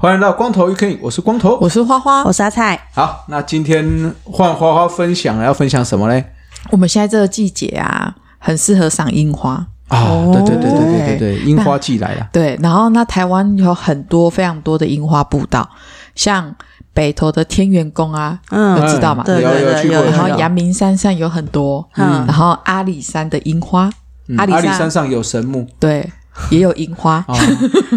歡迎到光頭 UK，我是光頭，我是花花，我是阿蔡。好，那今天換花花分享了，要分享什麼呢？我們現在這個季節啊，很適合賞櫻花哦，對對對對對對對，櫻花季來了。對，然後那台灣有很多非常多的櫻花步道，像北投的天元宮啊，嗯，都知道嗎、嗯？對對對，有有有有，然後陽明山上有很多，嗯，然後阿里山的櫻花、嗯阿嗯，阿里山上有神木，對，也有櫻花、哦，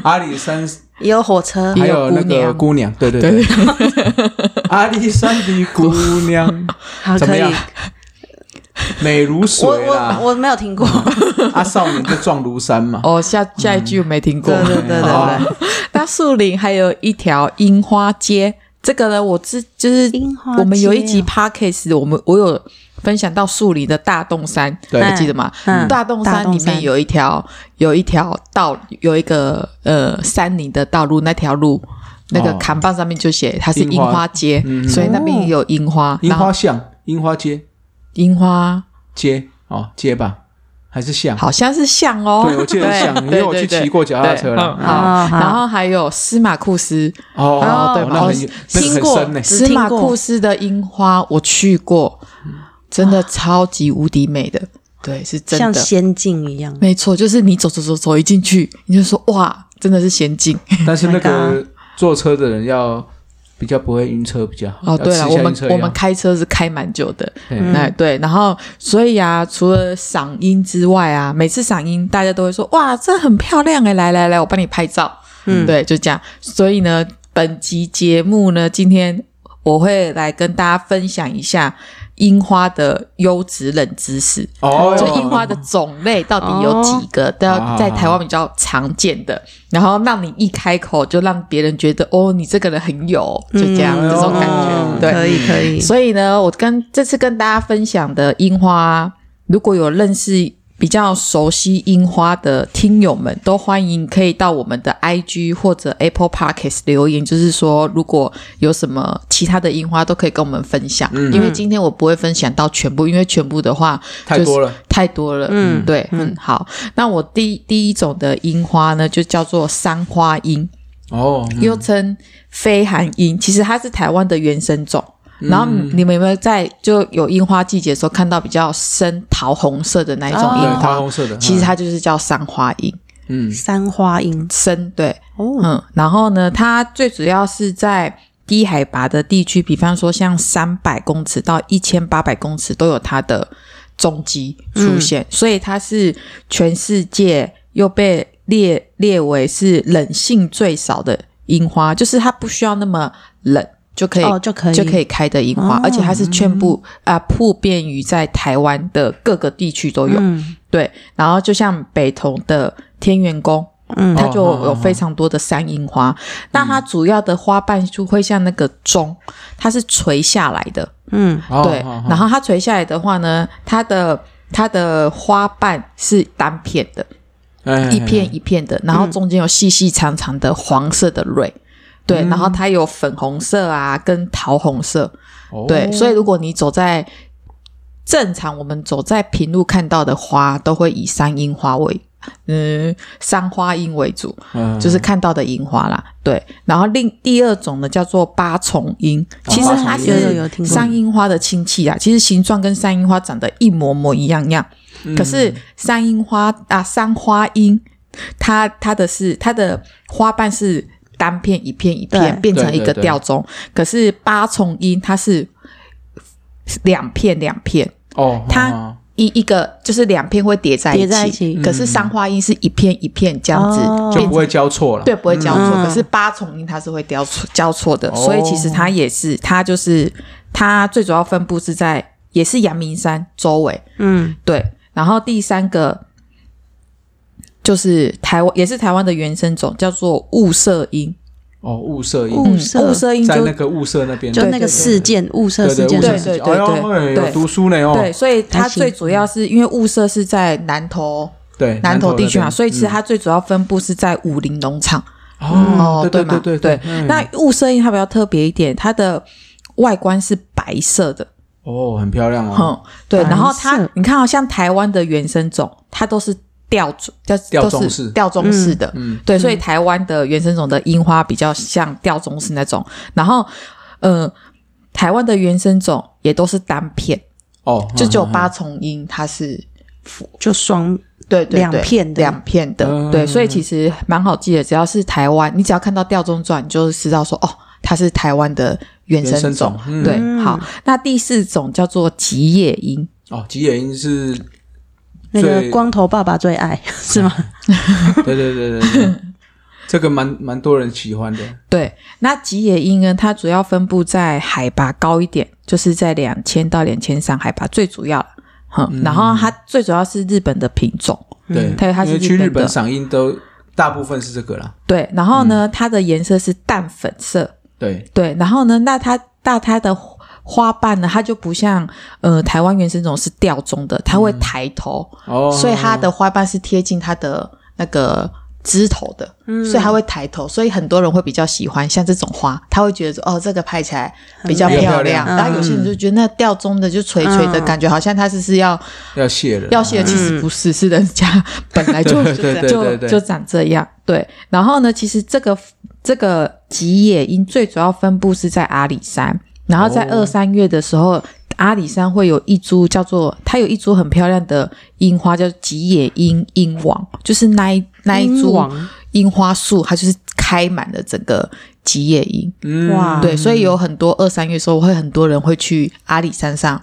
阿里山 也有火車，還有那個姑娘，姑娘姑娘對對對， 阿里山的姑娘 好怎麼樣？ 美如水啊！我我，我沒有聽過阿、 嗯啊、少年就壯如山嘛。哦，下下一句我沒聽過。嗯、對對對對對、 哦，那樹林還有一條櫻花街，這個呢，我知就是櫻花、哦。我們有一集 Podcast，我們我有分享到樹林的大洞山，對還記得嗎、嗯？大洞山裡面有一條有一條道，有一個呃山林的道路，那條路那個扛棒上面就寫它是櫻花街、哦花嗯，所以那邊也有櫻花，櫻、哦、花巷、櫻花街。櫻花街哦，街吧？還是像，好像是像哦。對，我記得像，因為我去騎過腳踏車，車了、嗯、好，好，好，好，然後還有司馬庫斯哦，哦，對，我聽過司馬庫斯的櫻花，我去過，真的超級無敵美的、啊，對，是真的，像仙境一樣。沒錯，就是你走走走走一進去，你就說哇，真的是仙境。但是那個坐車的人要。比較不會暈車比較好哦。對了，我們我們開車是開蠻久的，哎、嗯，對，然後所以啊，除了賞櫻之外啊，每次賞櫻大家都會說哇，這很漂亮哎、欸，來來來，我幫你拍照，嗯，對，就這樣。所以呢，本集節目呢，今天我會來跟大家分享一下。櫻花的 U 值冷知識哦，所以櫻花的種類到底有幾個？都要在台灣比較常見的。Oh, oh, oh, oh. 然後，讓你一開口就讓別人覺得哦，你這個人很有，就這樣這種感覺，mm -hmm. oh, oh, oh, oh, oh. 對，可以可以。所以呢，我跟這次跟大家分享的櫻花，如果有認識。比較熟悉櫻花的聽友們都歡迎可以到我們的 IG 或者 Apple Podcast 留言，就是說如果有什麼其他的櫻花都可以跟我們分享。嗯，因為今天我不會分享到全部，因為全部的話太多了，太多了。嗯，對，嗯，好。那我第一第一種的櫻花呢，就叫做山櫻花，哦，嗯、又稱緋寒櫻，其實它是台灣的原生種。然後你們有沒有在就有櫻花季節的時候看到比較深桃紅色的那一種櫻花？哦、桃紅色的，其實它就是叫山花櫻。嗯，山花櫻，深、對、哦，嗯，然後呢，它最主要是在低海拔的地區，比方說像三百公尺到一千八百公尺都有它的蹤跡出現、嗯，所以它是全世界又被列列為是冷性最少的櫻花，就是它不需要那麼冷。就可以、哦、就可以就可以開的櫻花、哦，而且它是全部、嗯、啊，普遍於在台灣的各個地區都有、嗯。對，然後就像北投的天元宮、嗯，它就有非常多的山櫻花。那、哦哦、它主要的花瓣就會像那個鐘、嗯，它是垂下來的。嗯，對、哦。然後它垂下來的話呢，它的它的花瓣是單片的，嗯、一片一片的，嗯、然後中間有細細長長的黃色的蕊。對，然後它有粉紅色啊，跟桃紅色。哦、對，所以如果你走在正常我們走在平路看到的花，都會以山櫻花為嗯山花櫻為主，就是看到的櫻花啦。嗯、對，然後另第二種呢叫做八重櫻，其實它是有山櫻花的親戚啊，其實形狀跟山櫻花長得一模模一樣樣，嗯、可是山櫻花啊山花櫻它它的是它的花瓣是。單片一片一片變成一個吊鐘，可是八重音它是兩片兩片哦，它一一個就是兩片會疊在，在一起，可是三花音是一片一片這樣子，嗯、就不會交錯了，對，不會交錯、嗯。可是八重音它是會交錯交錯的，嗯，所以其實它也是它就是它最主要分布是在也是陽明山周圍，嗯，對。然後第三個。就是台灣也是台灣的原生種，叫做霧社櫻。哦，霧社櫻。霧霧社櫻在那個霧社那邊，就那個事件，霧社事件，對對對對，有讀書呢哦，對，所以它最主要是因為霧社是在南投，對南投地區嘛、啊，所以其實它最主要分布是在武陵農場哦，對對對對，那霧社櫻它比較特別一點，它的外觀是白色的哦，很漂亮哦，嗯、對，然後它你看哦，像台灣的原生種，它都是。吊鐘叫吊鐘式都是吊鐘式的，嗯，對，嗯、所以台灣的原生種的櫻花比較像吊鐘式那種。然後，呃，台灣的原生種也都是單片哦，嗯、就只有八重櫻它是就雙對對兩片兩片的，兩片的、嗯，對，所以其實蠻好記的。只要是台灣，你只要看到吊鐘狀，你就知道說哦，它是台灣的原生種，原生種、嗯。對，好，那第四種叫做吉野櫻哦，吉野櫻是。那個光頭爸爸最愛是嗎？對對對對對， 這個蠻蠻多人喜歡的。對，那吉野櫻呢？它主要分布在海拔高一點，就是在兩千到兩千上海拔最主要了、嗯。然後它最主要是日本的品種。對、嗯，它有它是日、嗯、因為去日本賞櫻都大部分是這個了。對，然後呢、嗯，它的顏色是淡粉色。對對，然後呢，那它那它的。花瓣呢，它就不像呃台灣原生種是吊鐘的，它會抬頭、嗯，所以它的花瓣是貼近它的那個枝頭的、嗯，所以它會抬頭，所以很多人會比較喜歡像這種花，他會覺得說哦，這個拍起來比較漂亮。漂亮然後有些人就覺得那吊鐘的就垂垂的、嗯、感覺，好像它是是要要謝了，要謝其實不是、嗯，是人家本來就 對對對對對對就就長這樣。對，然後呢，其實這個這個吉野櫻最主要分布是在阿里山。然後在二三月的時候、哦，阿里山會有一株叫做它有一株很漂亮的櫻花，叫吉野櫻櫻王，就是那一那一株櫻花樹，它就是開滿了整個吉野櫻。哇、嗯，對，所以有很多二三月的時候會很多人會去阿里山上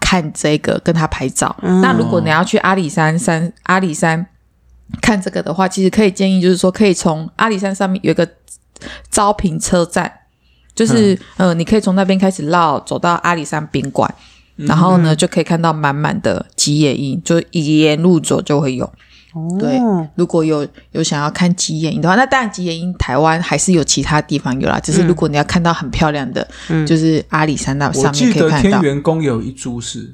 看這個，跟他拍照、嗯。那如果你要去阿里山山阿里山看這個的話，其實可以建議就是說可以從阿里山上面有一個沼平車站。就是，嗯、呃，你可以從那邊開始繞，走到阿里山賓館，嗯、然後呢、嗯，就可以看到滿滿的吉野櫻，就沿路走就會有。哦、對，如果有有想要看吉野櫻的話，那當然吉野櫻台灣還是有其他地方有啦。只是如果你要看到很漂亮的，嗯、就是阿里山那、嗯、上面可以看到天元宮有一株是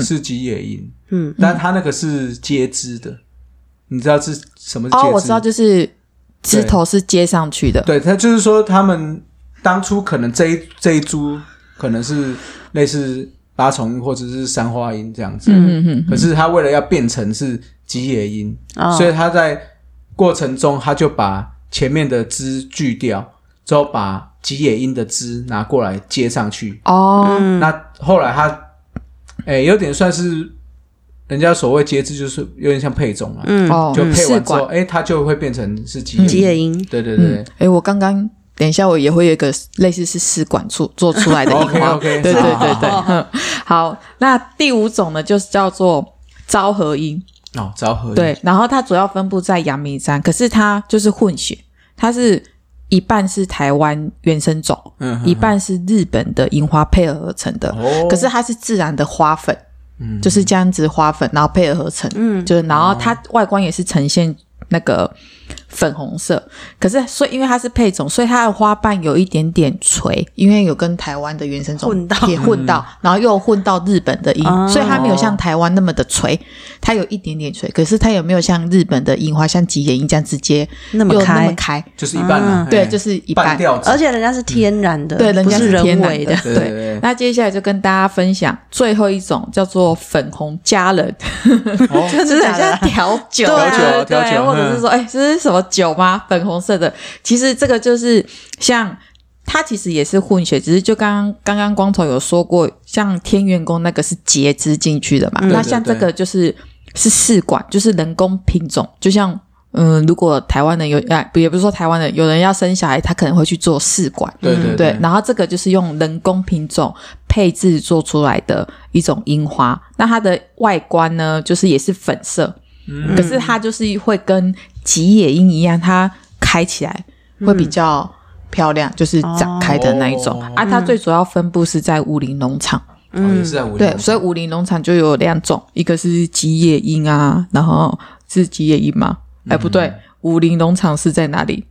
是吉野櫻，嗯，但它那個是接枝的，嗯嗯、你知道是什麼是接枝。哦，我知道，就是枝頭是接上去的。對，對它就是說他們。當初可能這一這一株可能是類似八重或者是山櫻花這樣子，嗯,嗯,嗯可是他為了要變成是吉野櫻、哦，所以他在過程中他就把前面的枝鋸掉，之後把吉野櫻的枝拿過來接上去。哦，嗯、那後來他哎，有點算是人家所謂接枝，就是有點像配種了。嗯，就配完之後，哎、嗯，它就會變成是吉野櫻。吉野櫻，對對對。哎、嗯，我剛剛。等一下，我也會有一個類似是試管做，做出來的櫻花，okay, okay, 對對對對，對好好好、嗯，好。那第五種呢，就是叫做昭和櫻哦，昭和櫻，對。然後它主要分布在陽明山，可是它就是混血，它是一半是台灣原生種、嗯哼哼，一半是日本的櫻花配合而成的、哦。可是它是自然的花粉、嗯，就是這樣子花粉，然後配合合成，嗯，就是然後它外觀也是呈現那個。粉紅色，可是所以因為它是配種，所以它的花瓣有一點點垂，因為有跟台灣的原生種也混到、嗯，然後又混到日本的櫻、哦，所以它沒有像台灣那麼的垂，它有一點點垂，可是它也沒有像日本的櫻花，像吉野櫻這樣直接那麼開，又那麼開，就是一半呢、啊嗯、對，就是一半，而且人家是天然的，嗯、對，人家是天然，不是人為的對對對，對。那接下來就跟大家分享最後一種叫做粉紅佳人，哦、 就是人家調酒，調酒，調酒、啊、酒，或者是說哎、欸，這是什麼？酒嗎？粉紅色的，其實這個就是像它，其實也是混血。只是就剛剛剛剛光頭有說過，像天元宮那個是接枝進去的嘛、嗯。那像這個就是對對對，是試管，就是人工品種。就像嗯，如果台灣人有哎，也不是說台灣人有人要生小孩，他可能會去做試管。對對對,對。然後這個就是用人工品種配製做出來的一種櫻花。那它的外觀呢，就是也是粉色，嗯嗯嗯，可是它就是會跟。吉野櫻一樣，它開起來會比較漂亮，嗯、就是展開的那一種、哦、啊。它最主要分布是在武陵農場，嗯，是在武陵。對，所以武陵農場就有兩種，一個是吉野櫻啊，然後是吉野櫻嘛。哎、嗯欸，不對，武陵農場是在哪裡？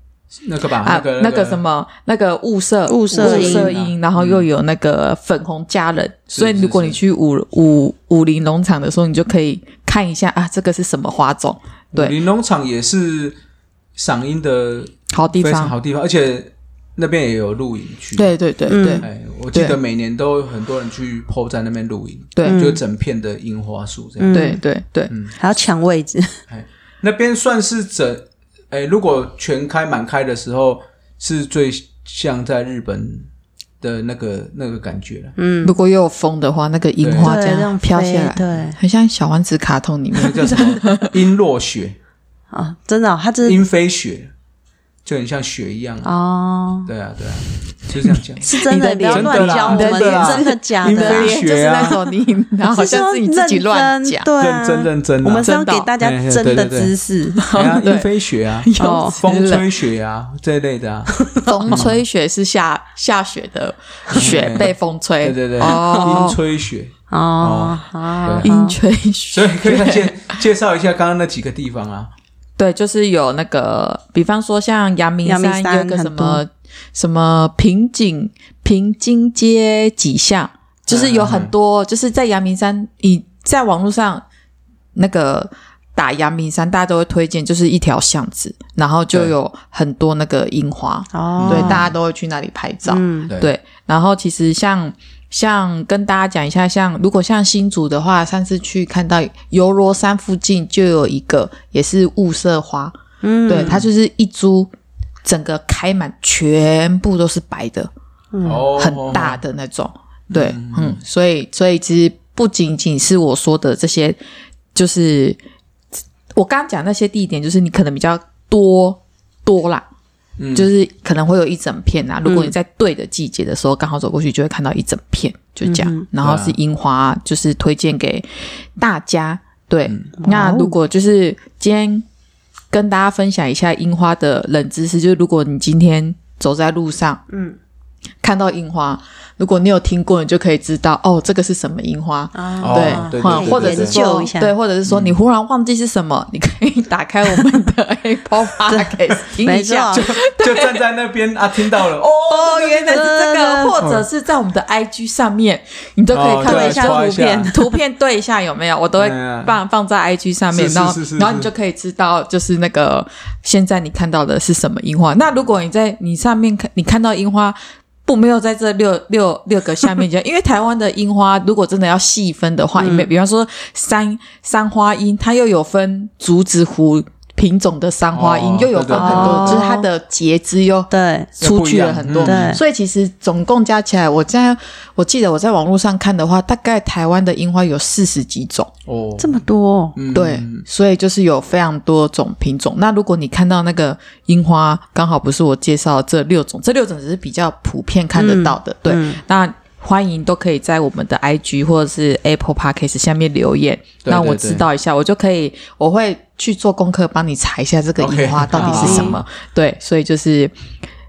那個吧，啊，那個，那個、那個那個、什麼，那個霧社霧社櫻、啊，然後又有那個粉紅佳人。是是是，所以如果你去武武武陵農場的時候，你就可以看一下啊，這個是什麼花種。對，玲瓏場，也是賞櫻的好地方，好地方，而且那邊也有露營區。對對對對，哎、嗯欸，我記得每年都很多人去坡在那邊露營，對，就整片的櫻花樹這樣，嗯。對對對，嗯，還要搶位置。哎、欸，那邊算是整，哎、欸，如果全開滿開的時候，是最像在日本的那個那個感覺了，嗯，如果又有風的話，那個櫻花這樣飄下來，對對，對，很像小丸子卡通裡面叫什麼“櫻 落雪”啊，真的、哦，它這、就、櫻、是、飛雪就很像雪一樣啊，Oh. 對啊，對啊。就這樣講，是真的，你要亂講，真的，我們真的、啊，真的假的。飛就是那種你， 然後好像自己自己亂講，認真、啊、認真，認真、啊。我們是要給大家真的知識，然後、哦啊、飛雪啊，有風吹雪啊，吹雪啊這一類的啊，風吹雪是下下雪的，雪被風吹。對對對，哦，風吹雪哦，哦啊，風吹雪。所以可以介介紹一下剛剛那幾個地方啊？對，就是有那個，比方說像陽明山，山有個什麼。什麼平井平菁街幾巷，就是有很多，嗯嗯、就是在陽明山，你在網絡上那個打，陽明山，大家都會推薦，就是一條巷子，然後就有很多那個櫻花。對對、哦，對，大家都會去那裡拍照。嗯、對，然後其實像像跟大家講一下，像如果像新竹的話，上次去看到油羅山附近就有一個，也是霧社櫻、嗯，對，它就是一株。整個開滿，全部都是白的，嗯、很大的那種。哦、對嗯，嗯，所以，所以其實不僅僅是我說的這些，就是我剛剛講的那些地點，就是你可能比較多多啦、嗯，就是可能會有一整片吶、嗯。如果你在對的季節的時候，嗯、剛好走過去，就會看到一整片，就這樣。嗯、然後是櫻花、嗯，就是推薦給大家。對，嗯、那如果就是今天，跟大家分享一下櫻花的冷知識，就如果你今天走在路上，嗯。看到櫻花，如果你有聽過，你就可以知道哦，這個是什麼櫻花？啊、對，對，對，對，對，對，對，或者是說，對，或者是說，你忽然忘記是什麼，嗯、你可以打開我們的 Apple Podcast 聽一下，一下就，就站在那邊啊，聽到了，哦哦，原來是這個，或者是在我們的 IG 上面，哦、你都可以看一下圖片，圖片對一下有沒有， 我都會放放在 IG 上面，是是是是是然後然後你就可以知道，就是那個現在你看到的是什麼櫻花。那如果你在你上面看，你看到櫻花。我沒有在這六六六個下面講，因為台灣的櫻花如果真的要細分的話，嗯、比比方說三三花櫻，它又有分竹子湖。品種的三花櫻、哦，又有分很多對對對，就是它的節枝又，對，出去了很多，嗯，所以其實總共加起來，我在我記得我在網絡上看的話，大概台灣的櫻花有四十幾種哦，這麼多，對，嗯，所以就是有非常多種品種。那如果你看到那個櫻花，剛好不是我介紹這六種，這六種只是比較普遍看得到的，嗯嗯、對，那。歡迎都可以在我們的 IG 或者是 Apple Podcast 下面留言，對對對，讓我知道一下，我就可以，我會去做功課，幫你查一下這個櫻花到底是什麼。Okay, oh, okay. 對，所以就是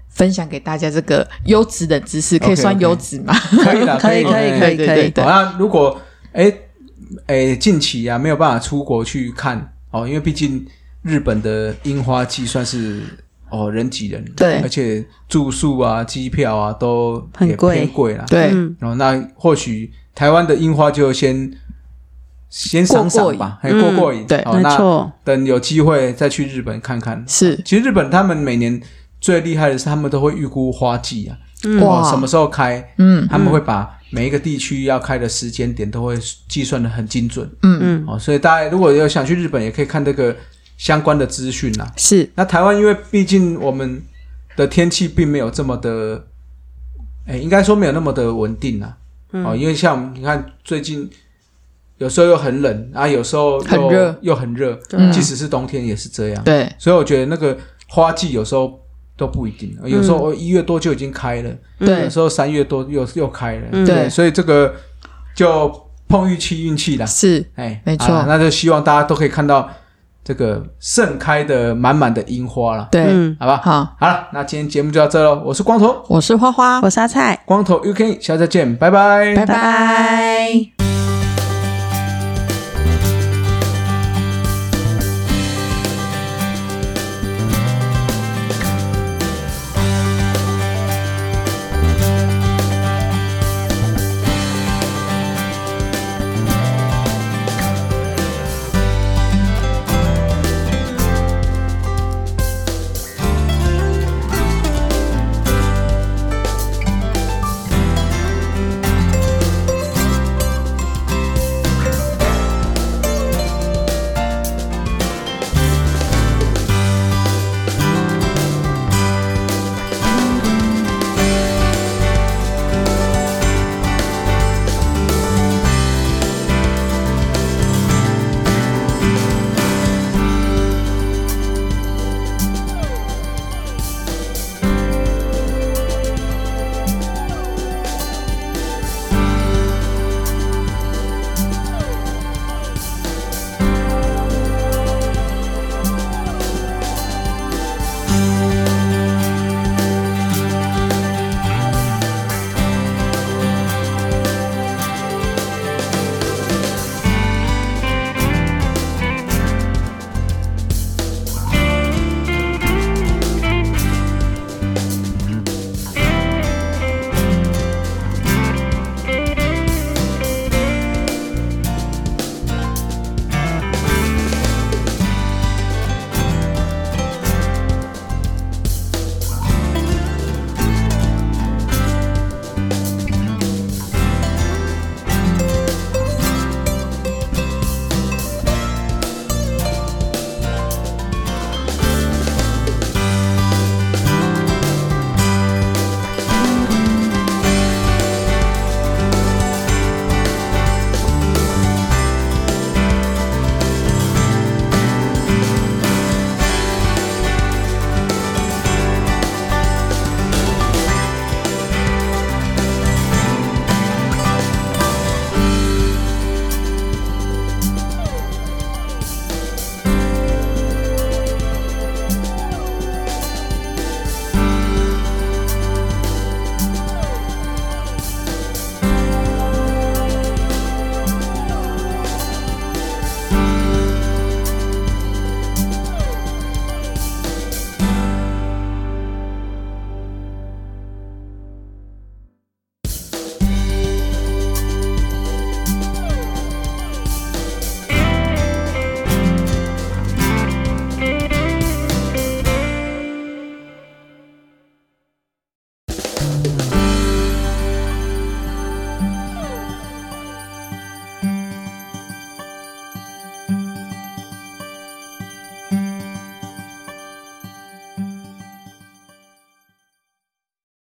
分享給大家這個優質的知識，可以算優質嗎？Okay, okay. 可以可以，可以，可以，可以。那如果哎哎、欸欸、近期啊沒有辦法出國去看哦，因為畢竟日本的櫻花季算是。哦，人擠人，對，而且住宿啊、機票啊都也很貴，偏貴了。對，然、嗯、後、哦、那或許台灣的櫻花就先先賞賞吧，還過過癮、嗯。對，沒、哦、錯。那那等有機會再去日本看看。是，其實日本他們每年最厲害的是，他們都會預估花季啊，哇、嗯，什麼時候開？嗯，他們會把每一個地區要開的時間點都會計算得很精準。嗯嗯。哦，所以大家如果要想去日本，也可以看這個。相關的資訊啦，是那台灣，因為畢竟我們的天氣並沒有這麼的，哎、欸，應該說沒有那麼的穩定啊、嗯。哦，因為像你看，最近有時候又很冷啊，有時候又又很熱。嗯，即使是冬天也是這樣。對、嗯啊，所以我覺得那個花季有時候都不一定，有時候一月多就已經開了，對、嗯，有時候三月多又又開了、嗯對。對，所以這個就碰運氣運氣啦。是，哎、欸，沒錯、啊，那就希望大家都可以看到這個盛開的滿滿的櫻花了，對、嗯，好吧，好，好了，那今天節目就到這嘍。我是光頭，我是花花，我是阿蔡。光頭 UK，下次再見，拜拜，拜拜。拜拜